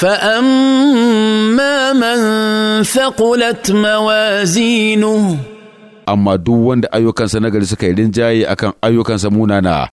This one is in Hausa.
فأما من ثقلت موازينه amma duk wanda ayyukansa nagari suka yi rinjaye akan ayyukansa munana